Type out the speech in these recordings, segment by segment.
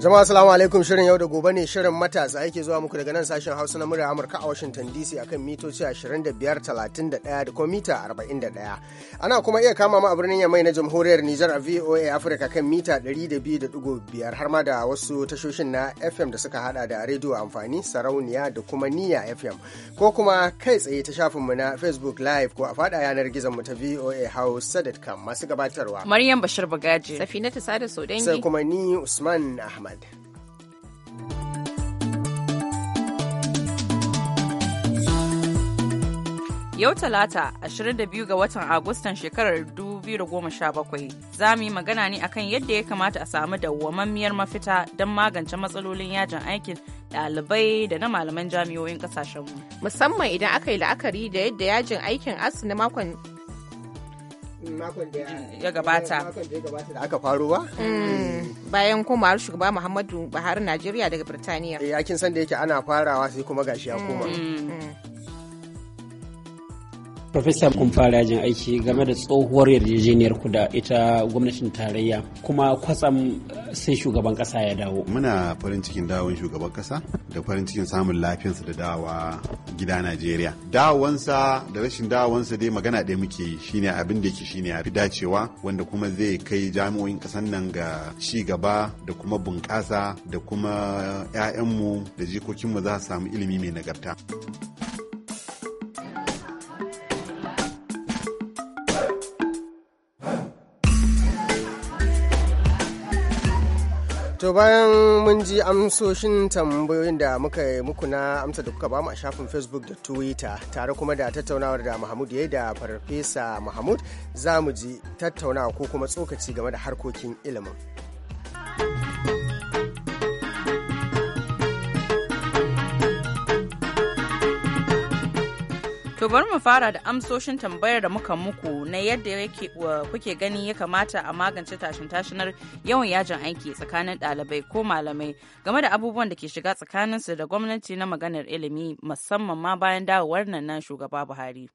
Jama'a salamu alaikum shirin yau da gobe ne shirin matasa yake zuwa muku daga nan sashen Hausa na murya Amurka a Washington DC akan mitoci 2531 da kuma mita 41. Ana kuma iya kama mu a birnin Yamai na Jamhuriyar Nijar a VOA Africa kan mita 200.5 har ma da wasu tashoshin na FM da suka hada da rediyo amfani sarauniya da kuma niya FM ko kuma kai tsaye ta shafin mu na Facebook Live ko a fada yanar gizon mu ta VOA Hausa.com masu gabatarwa. Maryam Bashir Bagaji. Safinatu Sada Sodangi. Sai kuma ni Usman Ahmad. Yau Talata 22 ga watan Agustan shekarar 2017 za mu yi magana ne akan yadda ya kamata a samu dawwammamiyar mafita don magance matsalolin yajin aikin ɗalibai da na malaman jami'o'in ƙasashenmu. Musamman idan aka yi la'akari da yadda yajin aikin asu na makon ya gabata da aka faro ba mm. bayan har shugaba Muhammadu Buhari Najeriya daga Birtaniya eh, yakin kin san da yake ana farawa sai kuma gashi ya koma mm. Mm. Profesa kun fara yajin aiki game da tsohuwar yarjejeniyar ku da ita gwamnatin tarayya kuma kwatsam sai shugaban kasa ya dawo. Muna farin cikin dawon shugaban kasa da farin cikin samun lafiyarsa da dawa gida Najeriya. Dawansa da rashin dawonsa dai magana ɗaya muke shi shine abin da yake a fi dacewa wanda kuma zai kai jami'o'in kasan nan ga ci gaba da kuma bunƙasa da kuma 'ya'yanmu da jikokinmu za su samu ilimi mai nagarta. To bayan mun ji amsoshin tambayoyin da muka yi muku na amsa da kuka ba mu a shafin Facebook da Twitter tare kuma da tattaunawar da Mahmud ya yi da Farfesa Mahmud za mu ji tattaunawa ko kuma tsokaci game da harkokin ilimin. To bari mu fara da amsoshin tambayar da muka muku na yadda kuke gani ya kamata a magance tashin tashinar yawan yajin aiki tsakanin ɗalibai ko malamai game da abubuwan da ke shiga tsakaninsu da gwamnati na maganar ilimi musamman ma bayan dawowar nan shugaba Buhari.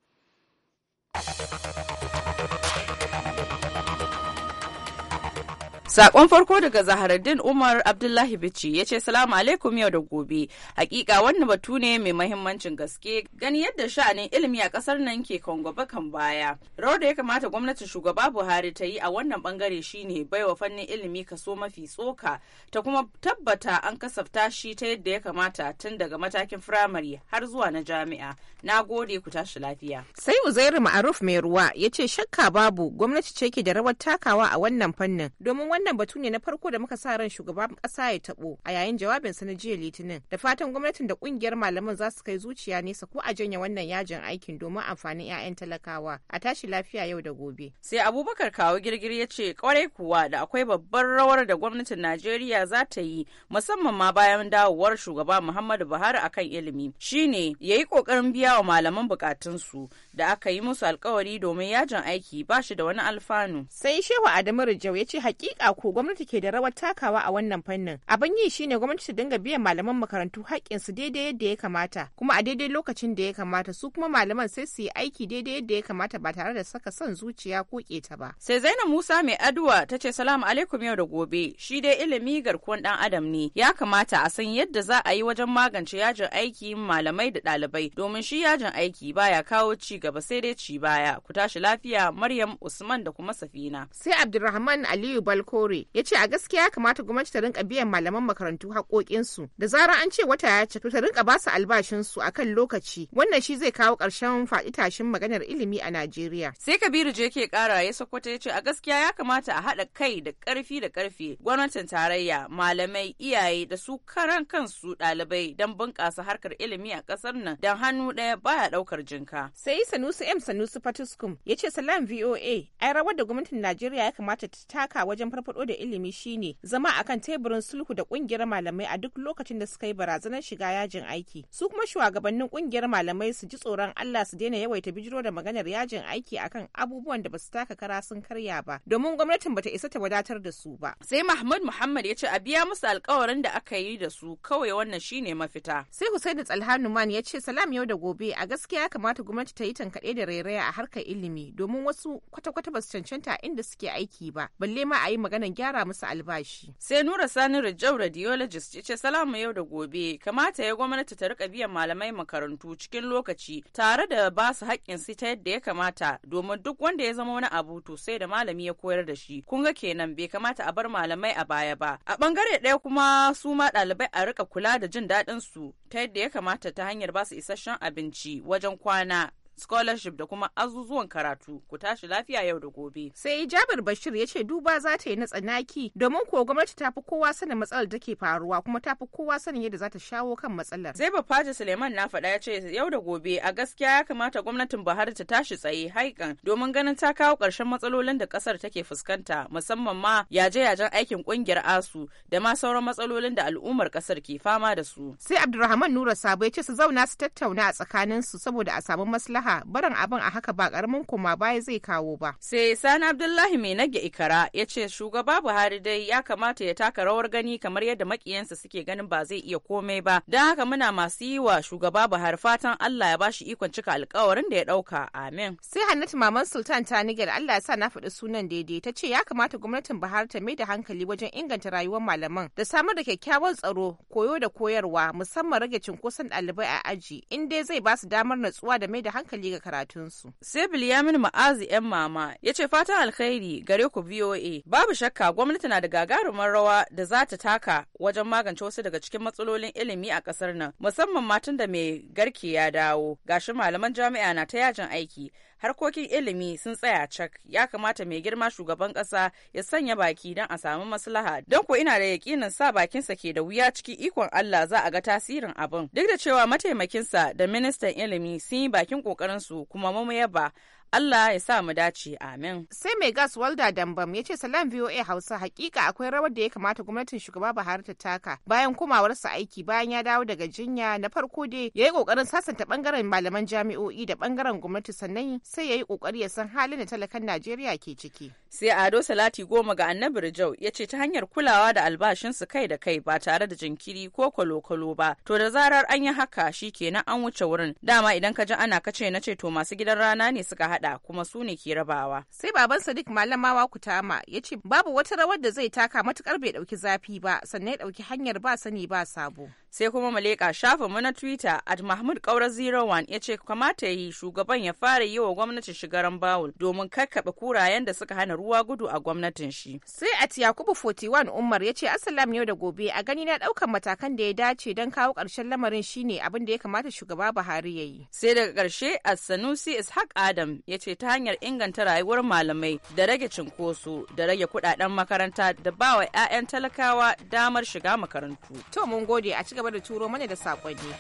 Sakon farko daga Zaharaddin Umar Abdullahi Bichi ya ce salamu alaikum yau da gobe. Hakika wannan batu ne mai mahimmancin gaske gani yadda sha'anin ilimi a kasar nan ke kongo bakan baya. Rawar da ya kamata gwamnatin shugaba Buhari ta yi a wannan bangare shine baiwa fannin ilimi kaso mafi tsoka ta kuma tabbata an kasafta shi ta yadda ya kamata tun daga matakin firamare har zuwa na jami'a. Na gode ku tashi lafiya. Sai Uzairu Ma'aruf mai ruwa ya ce shakka babu gwamnati ce ke da rawar takawa a wannan fannin domin wannan Wannan batu ne na farko da muka sa ran shugaban kasa ya tabo a yayin jawabin sa na jiya Litinin. Da fatan gwamnatin da kungiyar malaman za su kai zuciya nesa ko a janye wannan yajin aikin domin amfanin 'ya'yan talakawa. A tashi lafiya yau da gobe. Sai Abubakar Kawo Girgir ya ce kwarai kuwa da akwai babbar rawar da gwamnatin Najeriya za ta yi musamman ma bayan dawowar shugaba Muhammadu Buhari a kan ilimi. Shine yayi kokarin biya wa malaman bukatunsu da aka yi musu alkawari domin yajin aiki ba shi da wani alfanu. Sai Shehu Adamu Rijau ya ce hakika ko gwamnati ke da rawar takawa a wannan fannin. Abin yi shine gwamnati ta dinga biyan malaman makarantu haƙƙin su daidai yadda ya kamata, kuma a daidai lokacin da ya kamata su kuma malaman sai su yi aiki daidai yadda ya kamata ba tare da saka son zuciya ko keta ba. Sai Zainab Musa mai aduwa ta ce salamu alaikum yau da gobe, shi dai ilimi garkuwan ɗan adam ne, ya kamata a san yadda za a yi wajen magance yajin aiki malamai da ɗalibai domin shi yajin aiki baya kawo ci gaba sai dai ci baya. Ku tashi lafiya Maryam Usman da kuma Safina. Sai Abdulrahman Aliyu Balko Traore ya ce a gaskiya ya kamata gwamnati ta rinka biyan malaman makarantu haƙoƙinsu da zarar an ce wata ya ci ta rinka basu albashinsu a kan lokaci wannan shi zai kawo ƙarshen faɗi tashin maganar ilimi a Najeriya. Sai Kabiru je ke ƙara ya Sokoto ya ce a gaskiya ya kamata a haɗa kai da ƙarfi da ƙarfe gwamnatin tarayya malamai iyaye da su karan kansu ɗalibai don bunƙasa harkar ilimi a ƙasar nan don hannu ɗaya baya ɗaukar jinka. Sai Sanusi M Sanusi Fatuskum ya ce salam VOA ai rawar da gwamnatin Najeriya ya kamata ta taka wajen farfado da ilimi shine zama akan teburin sulhu da ƙungiyar malamai a duk lokacin da suka yi barazanar shiga yajin aiki su kuma shugabannin ƙungiyar malamai su ji tsoron Allah su daina yawaita bijiro da maganar yajin aiki akan abubuwan da basu taka kara sun karya ba domin gwamnatin bata isa ta wadatar da su ba sai Mahmud Muhammad ya ce a biya musu alkawarin da aka yi da su kawai wannan shine mafita sai Hussein Tsalhanuman ya ce salam yau da gobe a gaskiya ya kamata gwamnati ta yi tankaɗe da rairaya a harkar ilimi domin wasu kwata-kwata basu cancanta inda suke aiki ba balle ma a yi magana maganan gyara musu albashi. Sai Nura Sani Rajau radiologist ya ce salamu yau da gobe kamata ya gwamnati ta rika biyan malamai makarantu cikin lokaci tare da ba su haƙƙin su ta yadda ya kamata domin duk wanda ya zama wani abu to sai da malami ya koyar da shi. Kun ga kenan bai kamata a bar malamai a baya ba. A bangare ɗaya kuma su ma ɗalibai a rika kula da jin daɗin su ta yadda ya kamata ta hanyar ba su isasshen abinci wajen kwana scholarship da kuma azuzuwan karatu ku tashi lafiya yau da gobe. Sai Jabir Bashir ya ce duba za ta yi na tsanaki domin ko gwamnati ta fi kowa sanin matsalar da ke faruwa kuma ta fi kowa sanin yadda za ta shawo kan matsalar. sai Faji Suleiman na faɗa ya ce yau da gobe a gaskiya ya kamata gwamnatin Buhari ta tashi tsaye haikan domin ganin ta kawo ƙarshen matsalolin da ƙasar take fuskanta musamman ma yaje-yajen aikin ƙungiyar ASU da ma sauran matsalolin da al'ummar ƙasar ke fama da su. Sai Abdulrahman Nura Sabo ya ce su zauna su tattauna a tsakaninsu saboda a samu maslaha fasaha barin abin a haka ba karamin kuma baya zai kawo ba. Sai Sani Abdullahi mai nage ikara ya ce shugaba Buhari dai ya kamata ya taka rawar gani kamar yadda makiyansa suke ganin ba zai iya komai ba. Don haka muna masu yi wa shugaba Buhari fatan Allah ya bashi ikon cika alkawarin da ya dauka. Amin. Sai Hannatu Maman Sultan ta Niger Allah ya sa na faɗi sunan daidai ta ce ya kamata gwamnatin Buhari ta mai da hankali wajen inganta rayuwar malaman da samar da kyakkyawan tsaro koyo da koyarwa musamman rage cunkoson ɗalibai a aji in dai zai ba su damar natsuwa da mai da hankali hankali ga karatunsu. Sai Bilyamin Ma'azi 'yan mama ya ce fatan alkhairi gare ku VOA. Babu shakka gwamnati na da gagarumar rawa da za ta taka wajen magance wasu daga cikin matsalolin ilimi a ƙasar nan musamman matan da mai garke ya dawo gashi malaman jami'a na ta yajin aiki harkokin ilimi sun tsaya cak ya kamata mai girma shugaban kasa ya sanya baki don a samu maslaha don ko ina da yakinin sa bakinsa ke da wuya ciki ikon Allah za a ga tasirin abin duk da cewa mataimakinsa da ministan ilimi sun yi bakin kokarin su kuma mu ba. Allah ya sa mu dace amin. Sai mai gas walda dambam ya ce salam VOA Hausa hakika akwai rawar da ya kamata gwamnatin shugaba Buhari ta taka bayan komawarsa aiki bayan ya dawo daga jinya na farko dai ya yi kokarin sasanta bangaren malaman jami'o'i da bangaren gwamnati sannan sai ya yi kokari ya san halin da talakan Najeriya ke ciki. sai ado salati goma ga annabi rijau ya ce ta hanyar kulawa da albashinsu kai da kai ba tare da jinkiri ko kwalokwalo ba to da zarar an yi haka shi kenan an wuce wurin dama idan ka ji ana kace na ce to masu gidan rana ne suka hada kuma su ne ke rabawa sai baban sadiq malamawa kutama ya ce babu wata rawar da zai taka matukar bai dauki zafi ba sannan ya dauki hanyar ba sani ba sabo sai kuma mu leƙa mu na twitter at mahmud kaura 01 ya ce kamata yi shugaban ya fara yi wa gwamnati shigaran bawul domin kakkaɓe kurayen da suka hana ruwa gudu a gwamnatin shi sai at yakubu 41 umar ya ce assalam yau da gobe a gani na ɗaukan matakan da ya dace don kawo ƙarshen lamarin shine abin da ya kamata shugaba buhari ya yi sai daga karshe a sanusi ishaq adam ya ce ta hanyar inganta rayuwar malamai da rage cinkoso da rage kuɗaɗen makaranta da ba wa 'ya'yan talakawa damar shiga makarantu to mun gode a cigaba gaba da turo mana da saƙonni.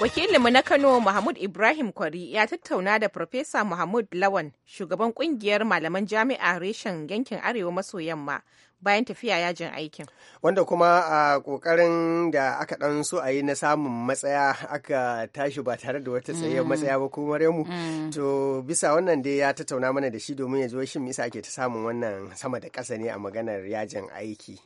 Wakilinmu na Kano Mahmud Ibrahim Kwari ya tattauna da Farfesa Mahmud Lawan, shugaban kungiyar malaman jami'a reshen yankin Arewa maso yamma, bayan tafiya yajin aikin. Wanda kuma a kokarin da aka ɗan so a yi na samun matsaya aka tashi ba tare da wata tsayayyar mm. matsaya ba ko maremu mm. To bisa wannan dai ya tattauna mana da shi domin ya zo shin isa ake ta samun wannan sama da ƙasa ne a maganar yajin aiki.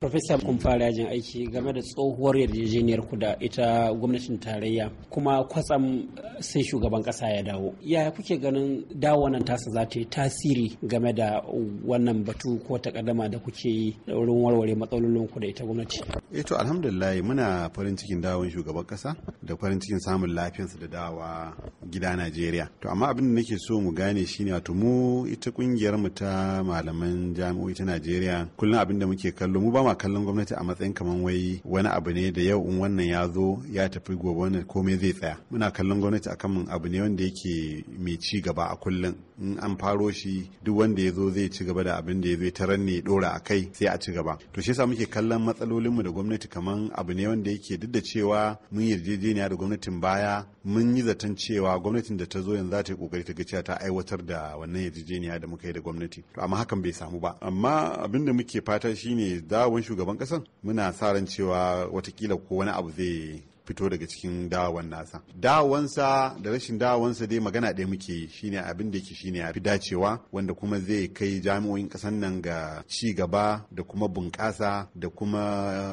Profesa kun fara yajin aiki game da tsohuwar yarjejeniyar ku da ita gwamnatin tarayya kuma kwatsam sai shugaban kasa ya dawo. ya kuke ganin dawo nan tasa za ta yi tasiri game da wannan batu ko takaddama da kuke yi da wurin warware matsalolin ku da ita gwamnati? E, to alhamdulillah muna farin cikin dawon shugaban kasa da farin cikin samun lafiyarsa da dawa gida Najeriya. To amma abin da nake so mu gane shine wato mu ita kungiyar mu ta malaman jami'o'i ta Najeriya kullum abin da muke kallo mu ba ma kallon gwamnati a matsayin kamar wai wani abu ne da yau in wannan ya zo ya tafi gobe wani komai zai tsaya muna kallon gwamnati akan mun abu ne wanda yake mai ci gaba a kullum in an faro shi duk wanda ya zo zai ci gaba da abin da ya zo ta ranne dora a kai sai a ci gaba to shi yasa muke kallon matsalolinmu da gwamnati kaman abu ne wanda yake duk da cewa mun yarjejeniya da gwamnatin baya mun yi zaton cewa gwamnatin da ta zo yanzu za ta yi kokari ta ga ta aiwatar da wannan yarjejeniya da muka yi da gwamnati to amma hakan bai samu ba amma abin da muke fata shine da zaben shugaban kasan muna sa ran cewa watakila ko wani abu zai fito daga cikin dawon nasa dawonsa da rashin dawonsa dai magana ɗaya muke shine abin da yake shine ya fi dacewa wanda kuma zai kai jami'o'in ƙasar nan ga ci gaba da kuma bunƙasa da kuma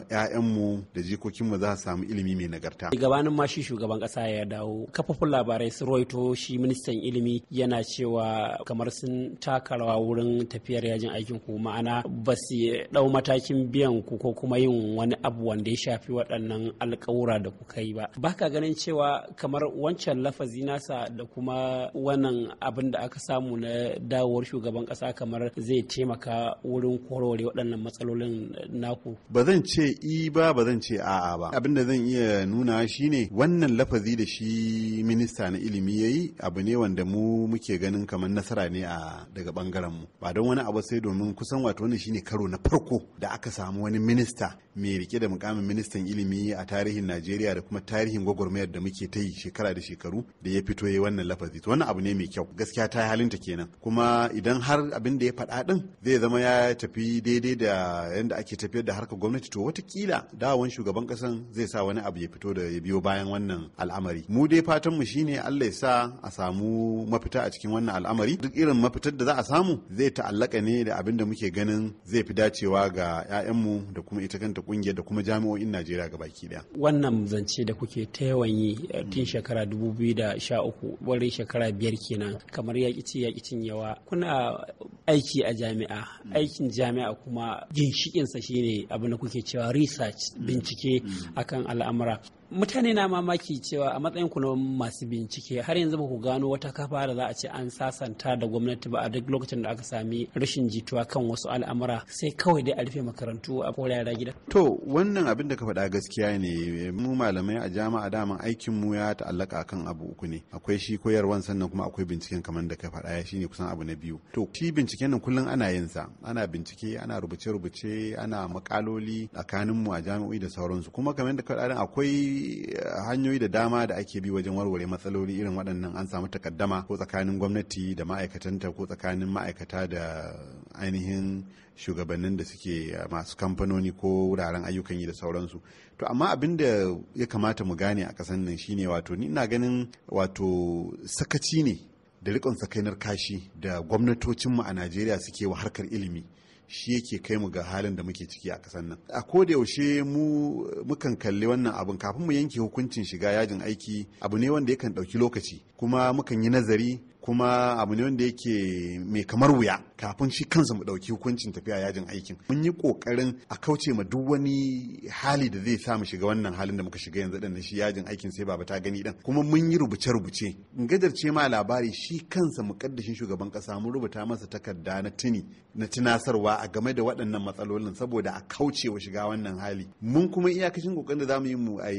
'ya'yanmu da jikokinmu za su samu ilimi mai nagarta gabanin ma shi shugaban ƙasa ya dawo kafafun labarai su roito shi ministan ilimi yana cewa kamar sun taka rawa wurin tafiyar yajin aikin ku ma'ana ba su ɗau matakin biyan ku ko kuma yin wani abu wanda ya shafi waɗannan alƙawura da ku kai ba ka ganin cewa kamar wancan lafazi nasa da kuma wannan abin da aka samu na dawowar shugaban kasa kamar zai taimaka wurin korore waɗannan matsalolin naku ba zan ce i ba ba zan ce a'a ba abin da zan iya nuna shine wannan lafazi da shi minista na ilimi ya yi abu ne wanda mu muke ganin kamar nasara ne a daga bangaren mu ba don wani abu sai domin kusan wato wannan shine karo na farko da aka samu wani minista mai rike da mukamin ministan ilimi a tarihin Najeriya da kuma tarihin gwagwarmayar da muke ta yi shekara da shekaru da ya fito ya wannan lafazi to wannan abu ne mai kyau gaskiya ta halinta kenan kuma idan har abin da ya faɗa din zai zama ya tafi daidai da yadda ake tafiyar da harkar gwamnati to watakila dawon shugaban kasan zai sa wani abu ya fito da ya biyo bayan wannan al'amari mu dai fatanmu shine Allah ya sa a samu mafita a cikin wannan al'amari duk irin mafitar da za a samu zai ta'allaka ne da abin da muke ganin zai fi dacewa ga 'ya'yanmu da kuma ita kanta kungiyar da kuma jami'o'in Najeriya gabaki daya wannan zance da kuke ta yawan yi eh, tun mm. shekara 2013 wani shekara biyar kenan kamar yaƙi ci yaƙi yawa kuna aiki a jami'a mm. aikin jami'a kuma ginshikinsa shine abin da kuke cewa research mm. bincike akan al'amura mutane na mamaki cewa a matsayin ku na masu bincike har yanzu ba ku gano wata kafa da za a ce an sasanta da gwamnati ba a duk lokacin da aka sami rashin jituwa kan wasu al'amura sai kawai dai a rufe makarantu a kora yara gida. To wannan abin da ka faɗa gaskiya ne mu malamai a jami'a daman aikin mu ya ta'allaka kan abu uku ne akwai shi koyarwan sannan kuma akwai binciken kamar da ka faɗa ya shine kusan abu na biyu. To shi binciken nan kullum ana yin sa ana bincike ana rubuce-rubuce ana makaloli tsakanin mu a jami'o'i da sauransu kuma kamar da ka faɗa akwai hanyoyi da dama da ake bi wajen warware matsaloli irin waɗannan an samu takaddama ko tsakanin gwamnati da ma'aikatanta ko tsakanin ma'aikata da ainihin shugabannin da suke eh, masu kamfanoni ko wuraren ayyukan yi da sauransu to amma abin da ya kamata mu gane a ƙasan nan shine wato ni ina ganin wato sakaci ne da riƙon tsakanin kashi da gwamnatocinmu a najeriya suke wa harkar ilimi shi yake kai mu ga halin da muke ciki a ƙasar nan a ko da yaushe mu mukan kalli wannan abin kafin mu yanke hukuncin shiga yajin aiki abu ne wanda yakan ɗauki lokaci kuma mukan yi nazari kuma abu ne wanda yake mai kamar wuya kafin shi kansa mu ɗauki hukuncin tafiya yajin aikin mun yi ƙoƙarin a kauce ma duk wani hali da zai sa mu shiga wannan halin da muka shiga yanzu ɗin shi yajin aikin sai baba ta gani ɗin kuma mun yi rubuce-rubuce in gajarce ma labari shi kansa mu muƙaddashin shugaban ƙasa mun rubuta masa takarda na tuni na tunasarwa a game da waɗannan matsalolin saboda a kauce wa shiga wannan hali mun kuma iyakacin ƙoƙarin da zamu yi mu a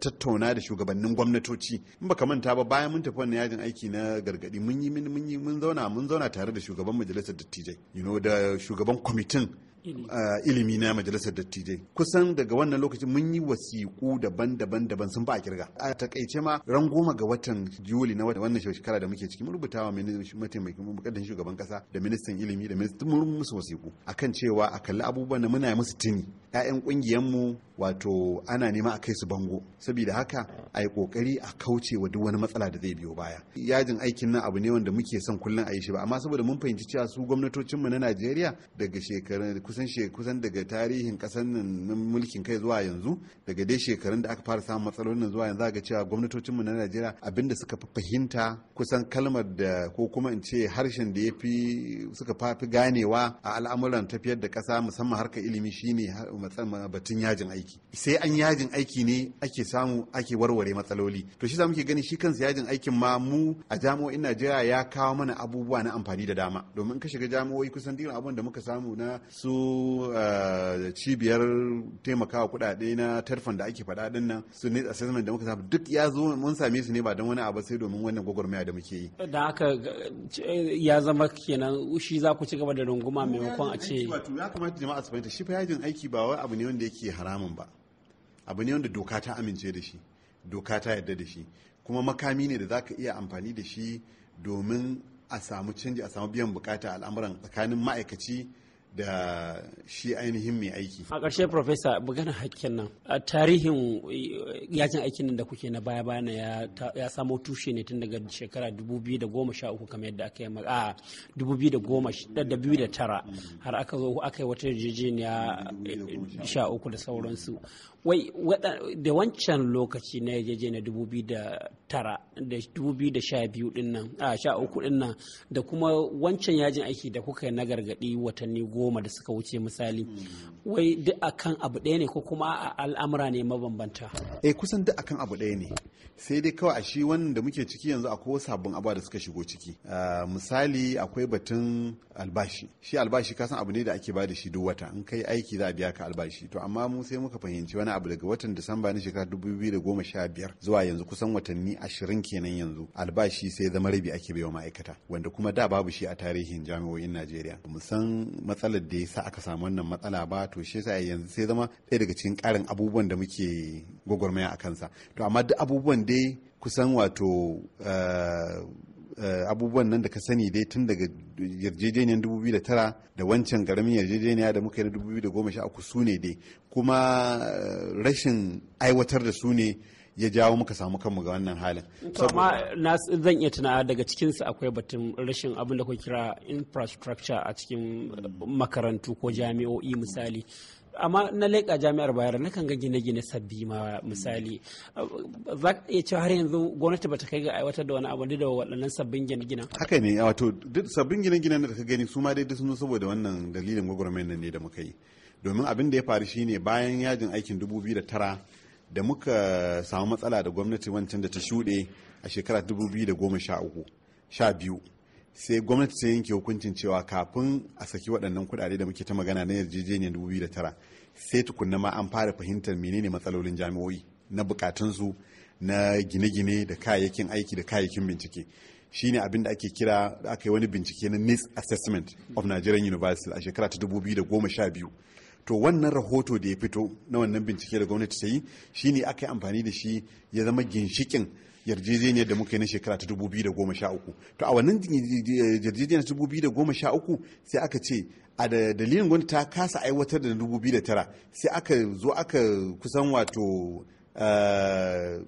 tattauna da shugabannin gwamnatoci in baka manta ba bayan mun tafi wannan yajin aiki na gargadi mun yi mun zauna mun zauna tare da shugaban majalisar dattijai you know da shugaban kwamitin Ah, ilimi na majalisar dattijai kusan daga wannan lokacin mun yi wasiƙu daban-daban daban sun ba a kirga a takaice ma ran goma ga watan juli na wannan shekara da muke ciki mun rubuta wa mataimakin bukatun shugaban kasa da ministan ilimi da ministan mun musu wasiƙu akan cewa a kalli abubuwan da muna musu tuni 'ya'yan mu wato ana nema a kai su bango saboda haka a yi kokari a kauce wa duk wani matsala da zai biyo baya yajin aikin nan abu ne wanda muke son kullum a yi shi ba amma saboda mun fahimci cewa su gwamnatocinmu na najeriya daga shekarun kusan kusan daga tarihin kasar nan mulkin kai zuwa yanzu daga dai shekarun da aka fara samun matsalolin zuwa yanzu ga cewa gwamnatocinmu na Najeriya abinda suka fahimta kusan kalmar da ko kuma in ce harshen da ya fi suka fafi ganewa a al'amuran tafiyar da ƙasa musamman harkar ilimi shine batun yajin aiki sai an yajin aiki ne ake samu ake warware matsaloli to shi za muke gani shi kansa yajin aikin ma mu a jami'o'in Najeriya ya kawo mana abubuwa na amfani da dama domin ka shiga jami'o'i kusan dukkan abun da muka samu na su su eh, cibiyar taimakawa kuɗaɗe na tarfan da ake faɗa din nan su ne assessment da muka samu duk ya zo mun same su ne ba don wani abu sai domin wannan gwagwarmaya da muke yi da haka ya zama kenan shi za ku ci gaba da runguma maimakon a ce ya kamata jama'a su fahimta shi fa yajin aiki ba wai abu ne wanda yake haramun ba abu ne wanda doka ta amince da shi doka ta yarda da shi kuma makami ne da za ka iya amfani da shi domin a samu canji a samu biyan bukata al'amuran tsakanin ma'aikaci da shi ainihin mai aiki. A ƙarshe Profesa magana hakkin nan a tarihin eh, yajin aikin da kuke na baya baya na ya samo tushe ne tun daga shekara 2013 kamar yadda aka yi a 2009 har aka zo aka yi wata yarjejeniya 13 eh, da sauransu. Wai da wancan lokaci na yarjejeniya 2009 da 2012 din nan a 13 din nan da kuma wancan yajin aiki da kuka yi na gargaɗi watanni goma goma da suka wuce misali wai duk akan abu ɗaya ne ko kuma a al'amura ne mabambanta E, kusan duk akan abu ɗaya ne sai dai kawai a shi wannan da muke ciki yanzu akwai sabbin abubuwa da suka shigo ciki ah, misali akwai batun albashi shi albashi kasan abu ne da ake bada shi duk wata in kai aiki za a biya ka albashi to amma mu sai muka fahimci wani abu daga watan disamba na shekara sha biyar zuwa yanzu kusan watanni ashirin kenan yanzu albashi sai zama rabi ake baiwa ma'aikata wanda kuma da babu shi a tarihin jami'o'in najeriya mu san matsalar da yasa aka samu wannan matsala ba to shi yasa yanzu sai zama ɗaya daga cikin ƙarin abubuwan da muke gwagwarmaya a kansa to amma duk abubuwan dai kusan wato eh, eh, abubuwan nan da ka sani dai tun daga yarjejeniyar 2009 da wancan garamin yarjejeniya da muka yi na 2013 su ne dai kuma eh, rashin aiwatar da su ne ya jawo muka samu kanmu ga wannan halin. Amma zan iya tuna daga cikinsu akwai batun rashin abin da ku kira infrastructure a cikin makarantu ko jami'o'i misali. amma na leƙa jami'ar bayar na kan ga gine-gine sabbi ma misali za ka iya cewa har yanzu gwamnati ba ta kai ga aiwatar da wani abu da waɗannan sabbin gine-ginen haka ne wato duk sabbin gine-ginen da ka gani su ma dai sun saboda wannan dalilin gwagwarmen nan ne da muka yi domin abin da ya faru shine bayan yajin aikin dubu biyu da tara da muka samu matsala da gwamnati wancan da ta shuɗe a shekara 2013 sai gwamnati ta yanke hukuncin cewa kafin a saki waɗannan kuɗaɗe da muke ta magana na yarjejeniyar 2009 sai tukunna ma an fara fahimtar menene matsalolin jami'o'i na bukatunsu na gine-gine da kayayyakin aiki da kayayyakin bincike Shi ne abin da ake kira da aka yi wani bincike na NIST assessment of Nigerian University a shekara ta 2012 to wannan rahoto da ya fito na wannan bincike da gwamnati ta yi shine aka yi amfani da shi ya zama ginshikin yarjejeniyar da muka yi na shekara ta 2013 to a wannan yarjejeniyar ta 2013 sai aka ce a da dalilin gwamnati ta kasa aiwatar da 2009 sai aka zo aka kusan wato eh,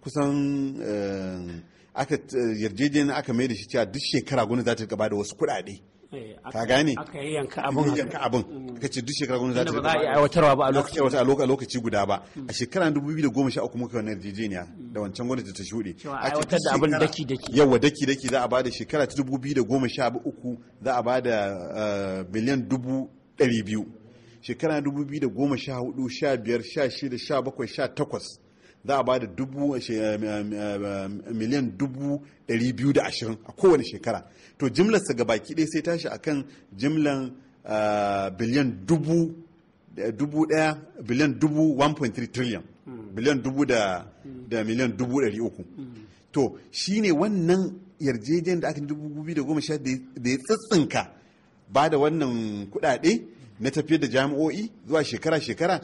kusan eh, aka eh, yarjejeniyar aka mai da shi cewa duk shekara gwamnati za ta gaba da wasu kuɗaɗe Eh, ka gane yanka abin ka mm. ce duk shekara gwamnati za ta yi a aiwatarwa ba a lokaci a lokaci guda ba mm. a shekara 2013 muka wannan yarjejeniya da wancan gwamnati ta shuɗe a ce da abin daki daki yawa daki daki za a ba da shekara 2013 za a ba da eh, biliyan dubu ɗari biyu shekara 2014 15 16 17 18 za a bada dubu eh, eh, eh, miliyan dubu ɗari biyu da ashirin a kowane shekara to jimlar sa gaba ɗaya sai tashi akan jimlan biliyan dubu dubu ɗaya biliyan dubu 1.3 trillion hmm. biliyan dubu da miliyan dubu ɗari uku hmm. to shine wannan yarjejen da aka dubu biyu da goma sha da ya tsitsinka ba da wannan kuɗaɗe na tafiyar da jami'o'i zuwa shekara-shekara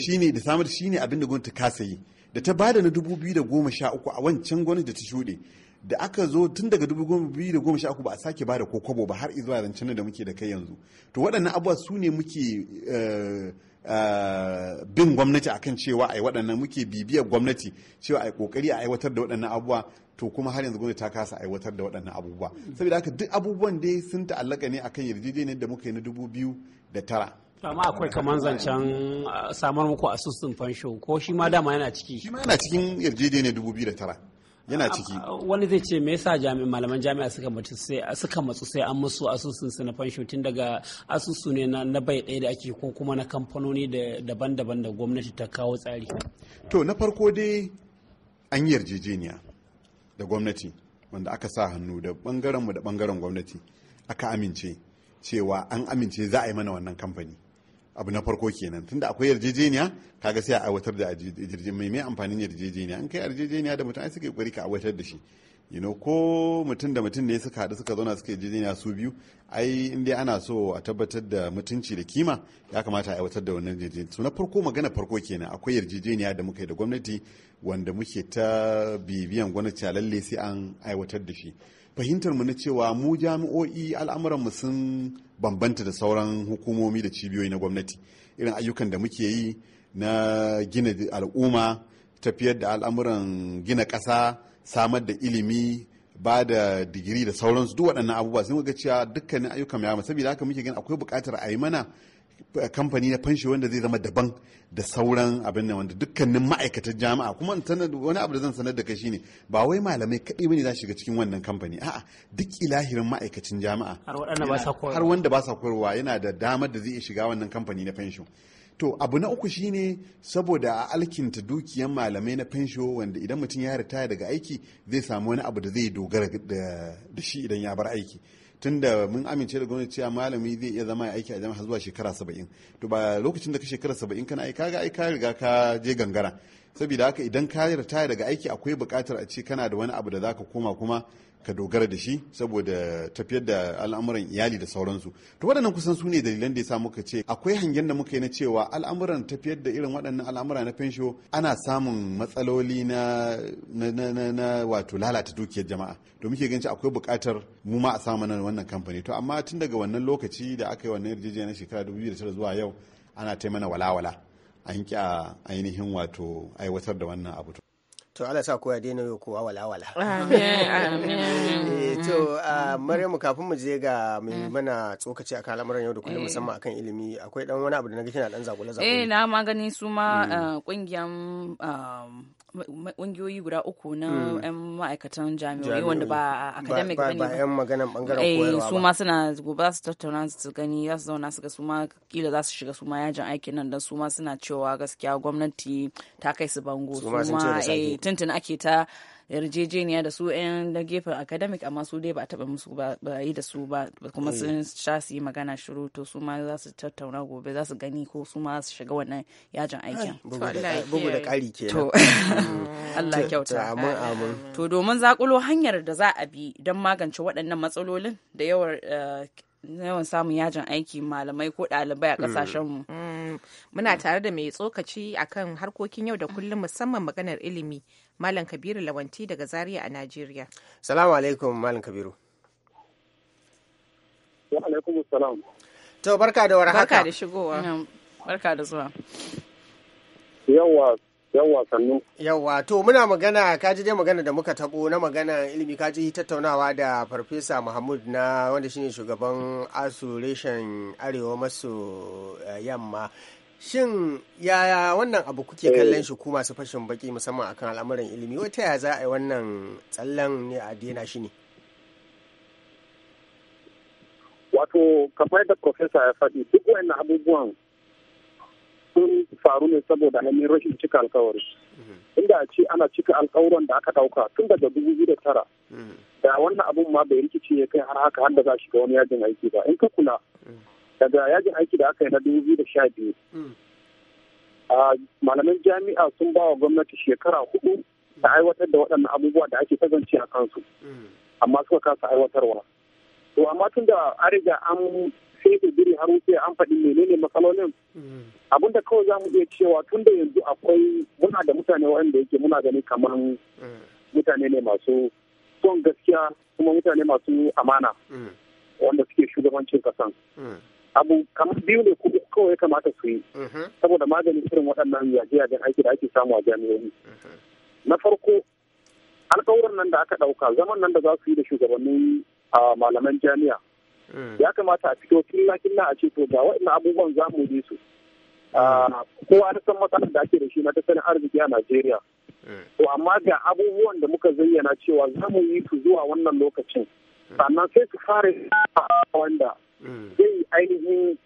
shine da samar shine abin da gwamnati kasa yi da ta bada na 2013 a wancan gwamnati da ta shuɗe da aka zo tun daga 2013 ba a sake bada ko kwabo ba har zuwa zancen da muke da kai yanzu to waɗannan abubuwa su ne muke eh, eh, bin gwamnati akan cewa a yi waɗannan muke bibiyar gwamnati cewa a yi ƙoƙari a aiwatar da waɗannan abubuwa to kuma har yanzu gwamnati ta kasa aiwatar da waɗannan abubuwa saboda haka duk abubuwan dai sun ta'allaka ne akan yarjejeniyar da muka yi na dubu biyu da tara amma akwai kamar zancen samar muku asusun fansho ko shi ma dama yana ciki shi ma yana cikin yarjejeniyar dubu biyu da tara yana ciki wani zai ce me yasa jami'an malaman jami'a suka mutu sai suka matsu sai an musu asusun su na fansho tun daga asusu ne na bai ɗaya da ake ko kuma na kamfanoni daban-daban da gwamnati ta kawo tsari to na farko dai an yarjejeniya da gwamnati wanda aka sa hannu da bangarenmu da bangaren gwamnati aka amince cewa an amince za a yi mana wannan kamfani abu na farko kenan tunda akwai yarjejeniya kaga sai a aiwatar da yarjejeniya mai mai amfanin yarjejeniya an kai yarjejeniya da mutane suke kokari ka aiwatar da shi you know ko mutum da mutum ne suka haɗu suka zauna suka yarjejeniya su biyu ai in dai ana so a tabbatar da mutunci da kima ya kamata a aiwatar da wannan yarjejeniya na farko magana farko kenan akwai yarjejeniya da muka yi da gwamnati wanda muke ta bibiyan gwamnati a lalle sai an aiwatar da shi fahimtar mu na cewa mu jami'o'i al'amuran mu sun bambanta da sauran hukumomi da cibiyoyi na gwamnati irin ayyukan da muke yi na gina al'umma tafiyar da al'amuran gina ƙasa samar da ilimi ba da digiri da sauransu duk waɗannan abubuwa sai ga cewa dukkanin ayyukan ya saboda haka muke gani akwai buƙatar a yi mana eh, kamfani na fanshi wanda zai zama daban da sauran abin nan wanda dukkanin ma'aikatan jami'a kuma wani abu da zan sanar da kai shine ba wai malamai kaɗai bane za su shiga cikin wannan kamfani a'a duk ilahirin ma'aikacin jami'a har wanda ba sa koyarwa yana da damar da zai shiga wannan kamfani na fanshi to abu na uku shine saboda a alkinta dukiyan malamai na fensho wanda idan mutum ya ritaya daga aiki zai samu wani abu da zai dogara da shi idan ya bar aiki tunda mun amince da gwamnati cewa malami zai iya zama aiki a jami'a zuwa shekara saba'in to ba lokacin da ka shekara saba'in kana aika ga aika riga ka je gangara saboda haka idan ka ritaya daga aiki akwai buƙatar a ce kana da wani abu da zaka koma kuma ka dogara da shi saboda tafiyar da al'amuran iyali da sauransu to waɗannan kusan su ne dalilan da ya sa muka ce akwai hangen da muka yi na cewa al'amuran tafiyar da irin waɗannan al'amura na fensho ana samun matsaloli na na wato lalata dukiyar jama'a to muke ganin akwai buƙatar mu ma a samu nan wannan kamfani to amma tun daga wannan lokaci da aka yi wannan na shekara 2009 zuwa yau ana ta mana wala. an ƙi a ainihin wato aiwatar da wannan abu to Allah sa koya daina yau kowa walawala. Eh, to ah, Maryamu kafin mu je ga mai mm. mana tsokaci a al'amuran yau da kullum eh. musamman akan ilimi akwai dan wani abu da na kina dan zagula zagula. Eh na ma suma su ma kungiyan mm. ah, ah, ƙungiyoyi guda uku na 'yan hmm. ma'aikatan jami'o'i wanda ba academic ba ne ba 'yan maganan eh, ba su ma suna gobe za su tattauna su gani za su zauna su ga su ma kila za su shiga su ma yajin aikin nan dan su ma suna cewa gaskiya gwamnati ta kai su bango su ma eh, tuntun ake ta yarjejeniya da su 'yan da gefen academic amma su dai ba a taba musu ba yi da su ba kuma mm. sun sha su yi magana shiru to su ma za su tattauna gobe za su gani ko su ma su shiga wannan yajin aikin bugu da kari ke to mm. Allah kyauta to domin zakulo hanyar da za a bi don magance waɗannan matsalolin da yawar eh, yawan samun yajin aiki malamai ko ɗalibai a mu. Mm. Muna tare da mai tsokaci akan harkokin yau da kullum musamman maganar ilimi Malam Kabiru Lawanti daga Zaria a Najeriya. Salamu alaikum Malam Kabiru. Salamu alaikum salam. To barka da warhaka. Barka da shigowa. Barka da zuwa. Yawwa yawwa sannu yawwa to muna magana kaji dai magana da muka tabo na magana ilimi kaji tattaunawa da farfesa mahmud na wanda shine shugaban asu reshen arewa maso eh, yamma Shin yaya wannan abu kuke eh. kallon shi ku masu fashin baki musamman akan al'amuran ilimi wata ya za a yi wannan tsallan ne a daina shi ne? Wato, kamar da Profesa ya faɗi duk wannan abubuwan sun faru ne saboda hanyar rashin cika alkawari. Mm-hmm. Inda a ce ana cika alkawuran da aka ɗauka tun daga dubu biyu da tara. Mm-hmm. Da wannan abun ma bai rikici ya kai har haka har da za shiga wani yajin aiki ba. In ka kula, mm-hmm. daga yajin aiki da aka yi na dubu biyu da sha biyu hmm. malaman jami'a sun ba wa gwamnati shekara hudu ta aiwatar da waɗannan abubuwa da ake kasance a kansu hmm. amma suka kasa aiwatarwa to amma tun da an riga an sai biri har wuce an faɗi menene matsalolin hmm. abinda kawai za mu iya cewa tun da yanzu akwai muna da mutane waɗanda yake muna gani kamar mutane ne masu son gaskiya kuma mutane masu amana wanda suke shugabancin kasan abu kamar biyu ne ko kawai ya kamata su yi mhm. saboda maganin irin waɗannan yaje-yajen aiki da ake samu a jami'o'i mhm. na farko alkawuran nan da aka ɗauka zaman nan da za su yi da shugabannin malaman jami'a mhm. ya kamata a fito killa killa a ce to ga waɗannan abubuwan za mu yi su kowa na san matsalar da ake da shi na tattalin arziki a najeriya to amma ga abubuwan da muka zayyana cewa za mu yi su zuwa wannan lokacin sannan sai su fara wanda mm. zai ainihin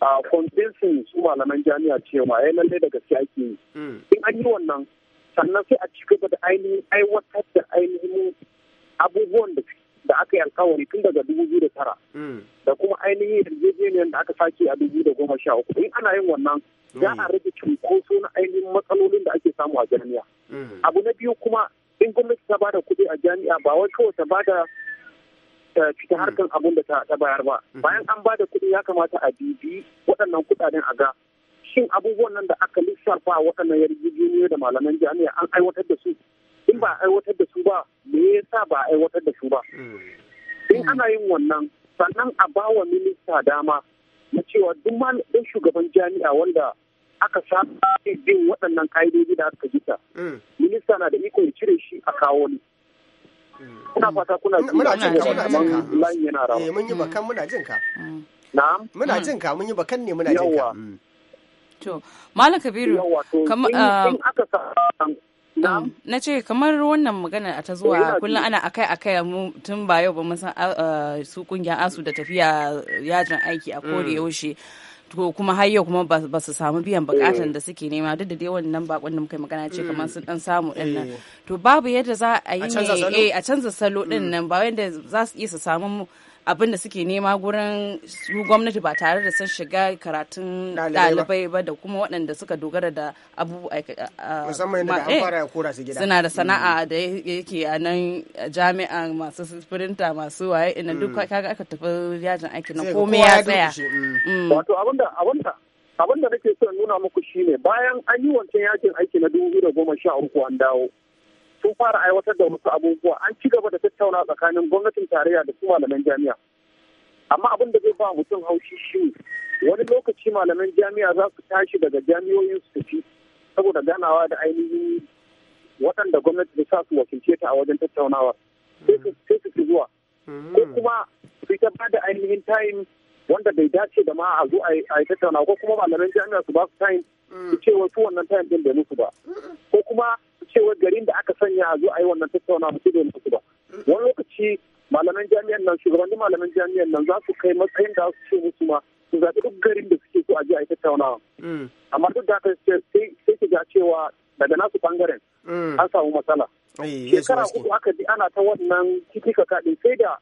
a convincing su malaman jami'a cewa ya eh, lalle da gaske ake yi mm. in an yi wannan sannan sai a cikin da ainihin aiwatar da ainihin abubuwan da da aka yi alkawari tun daga dubu biyu da tara mm. da kuma ainihin yarjejeniyar da aka sake a dubu da goma sha uku in ana yin wannan za a rage cunkoso na ainihin matsalolin da ake samu a jami'a abu na biyu kuma in gwamnati ta bada kuɗi a jami'a ba wai kawai ta bada cikin harkar mm. abin da ta bayar ba mm-hmm. bayan an ba da kuɗi ya kamata a bibi waɗannan kuɗaɗen a ga shin abubuwan nan da aka lissafa waɗannan yarjejeniyoyi da malaman jami'a an aiwatar da su in ba aiwatar da su ba me yasa ba aiwatar da su ba mm. in ana yin wannan sannan a ba wa minista dama na cewa duk malamin shugaban jami'a wanda aka samu bin waɗannan ka'idoji da aka jita mm. minista na da iko ya cire shi a kawo ni Kuna fata kuna ji muna jin ka muna jin ka. Lan yana rawa. Eh mun yi bakan muna jin ka. Mm. Na'am. Muna jin ka mun yi bakan ne muna jin ka. Mm. To Malam Kabiru kamar ah, um, mm, na ce kamar wannan magana ta zuwa eh, kullum ana akai akai tun ba yau ba mun san ah, ah, su kungiyar asu da tafiya yajin aiki a kore yaushe. Mm. kuma har yau kuma ba su samu biyan bukatan eh. da suke nema duk da dai wannan bakon da muka magana ce mm. kamar sun dan samu din nan eh. to babu yadda za a yi eh, a canza salo din mm. nan ba wanda za su iya su samu abin da suke nema gurin su gwamnati ba tare da sun shiga karatun dalibai ba da kuma waɗanda suka dogara da abu eh, suna da mm. sana'a da yake a nan jami'a masu firinta masu waye ina duk mm. kaga aka tafi yajin aiki na komai ya tsaya mm. wato abinda abinda abinda nake son nuna muku shine bayan an yi wancan yakin aiki na dubu biyu da goma sha uku an dawo sun fara aiwatar da wasu abubuwa an ci gaba da tattauna tsakanin gwamnatin tarayya da su malaman jami'a amma abin da zai ba mutum haushi shi wani lokaci malaman jami'a za su tashi daga jami'oyin su tafi saboda ganawa da ainihin waɗanda gwamnati da sa su wakilce ta a wajen tattaunawa sai su zuwa ko hmm. kuma su ta ba da ainihin tayin wanda bai dace da ma a zo a yi tattaunawa ko kuma malaman jami'a su ba su tayin su hmm. ce wasu wannan tayin din bai musu ba hmm. ko kuma cewar garin da aka sanya a zo a yi wannan tattaunawa ba su da musu ba wani lokaci malaman jami'an nan shugabannin malaman jami'an nan za su kai matsayin da su ce musu ma su zaɓi duk garin da suke so a je a yi tattaunawa mm. amma duk da sai ki ga cewa daga nasu bangaren mm. an samu matsala eh, shekara uku aka bi ana ta wannan kikika kaɗi sai da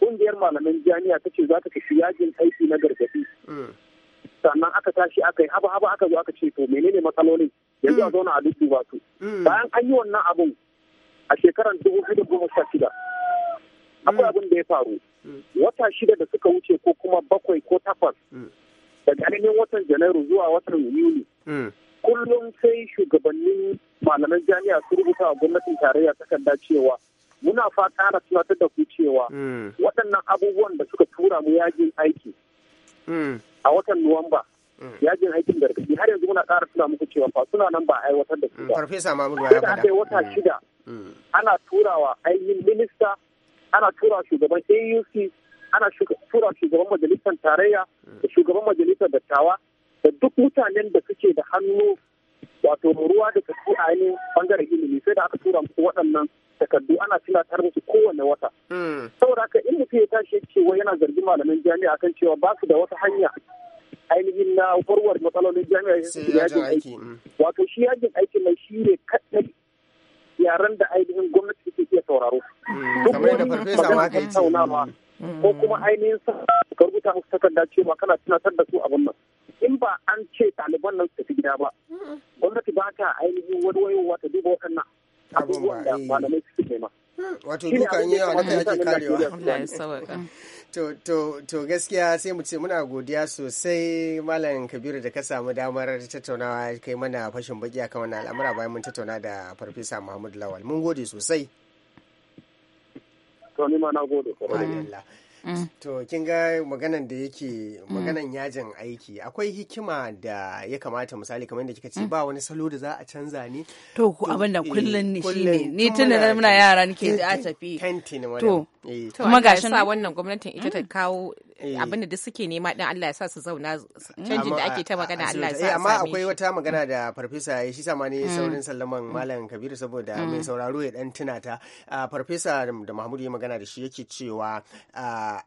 ƙungiyar malaman jami'a ta ce za ta tafi yajin aiki na gargaɗi mm. sannan aka tashi aka yi haba haba aka zo aka ce to menene matsalolin yanzu a mm. zauna a ba su mm. bayan an yi wannan abun a shekarar dubu biyu da goma sha shida akwai mm. abin da ya faru wata shida da suka wuce ko kuma bakwai ko takwas daga ainihin watan janairu zuwa watan yuni kullum sai shugabannin malaman jami'a su rubuta wa gwamnatin tarayya takarda cewa muna fata na tunatar da ku cewa waɗannan abubuwan da suka tura mu yajin aiki a watan Nuwamba. Mm. Yajin aikin gargaɗi har yanzu muna ƙara tuna muku cewa ba suna nan ba a aiwatar da su ba. Mm, Farfesa Mamudu ya faɗa. Sai wata shida mm. ana turawa ainihin minista, ana turawa shugaban AUC, ana tura shugaban majalisar tarayya da shugaban majalisar dattawa da duk mutanen da suke da hannu wato ruwa da tafi a ainihin bangaren ilimi sai da aka tura muku waɗannan takardu ana tilatar musu kowane wata. Hmm. Saboda haka in mutum ya tashi cewa yana zargin malamin jami'a akan cewa ba su da wata hanya ainihin na warware matsalolin jami'a yajin hmm. aiki. Wato shi yajin aiki mai shi ne kaɗai yaren da ainihin gwamnati ke iya sauraro. Hmm, Duk wani magana ko kuma ainihin sa ka rubuta musu takarda cewa kana tunatar da su abin nan. in ba an ce ɗaliban nan su tafi gida ba gwamnati ba ta ainihin wani wayowa ta duba waɗannan Eh. To gaskiya sai mu ce muna godiya sosai Malam Kabiru da ka samu damar tattaunawa kai mana fashin baki akan wannan al'amura bayan mun tattauna da Farfesa muhammadu Lawal. Mun gode sosai. To ni ma na gode. to kin ga maganan da yake maganan yajin aiki akwai hikima da ya kamata misali kamar da kika ce mm. ba wani salo da za a canza ne to ku abin da eh, kullun ne ni tun da muna yara nike a tafi eh. to kuma ga sa wannan gwamnatin ita ta mm. kawo eh. abin da duk suke nema dan Allah ya sa su zauna mm. canjin da ake ta magana Allah ya sa amma akwai wata magana da farfesa ya shi sama ne saurin sallaman malam Kabiru saboda mai sauraro ya dan tuna ta farfesa da Mahmudu ya magana da shi yake cewa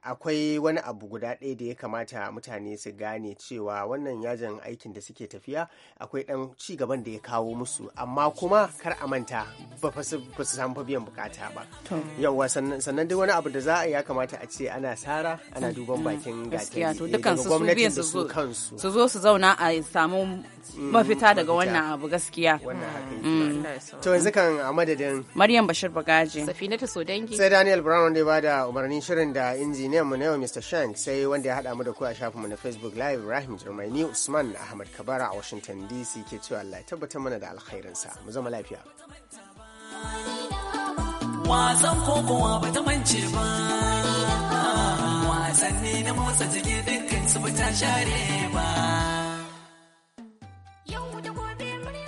akwai wani abu guda ɗaya da ya kamata mutane su gane cewa wannan yajin aikin da suke tafiya akwai ɗan ci gaban da ya kawo musu amma kuma kar a manta ba su samu biyan bukata ba yawwa sannan duk wani abu da za a ya kamata a ce ana sara ana mm. duban bakin mm. kansu su zo su zauna a samu mm, mafita daga wannan abu gaskiya to a madadin Maryam Bashir Bagaji Safinatu dangi. sai Daniel Brown wanda ya bada umarnin shirin da injiniyan mu na yau Mr. Shank sai wanda ya haɗa mu da ku a shafinmu na Facebook Live Ibrahim Jirmaini Usman Ahmad Kabara a Washington DC ke cewa Allah ya tabbatar mana da alkhairinsa. Mu zama lafiya. Wasan kokowa ba ta mance ba. Wasanni na motsa jiki dukkan su ba ta share ba.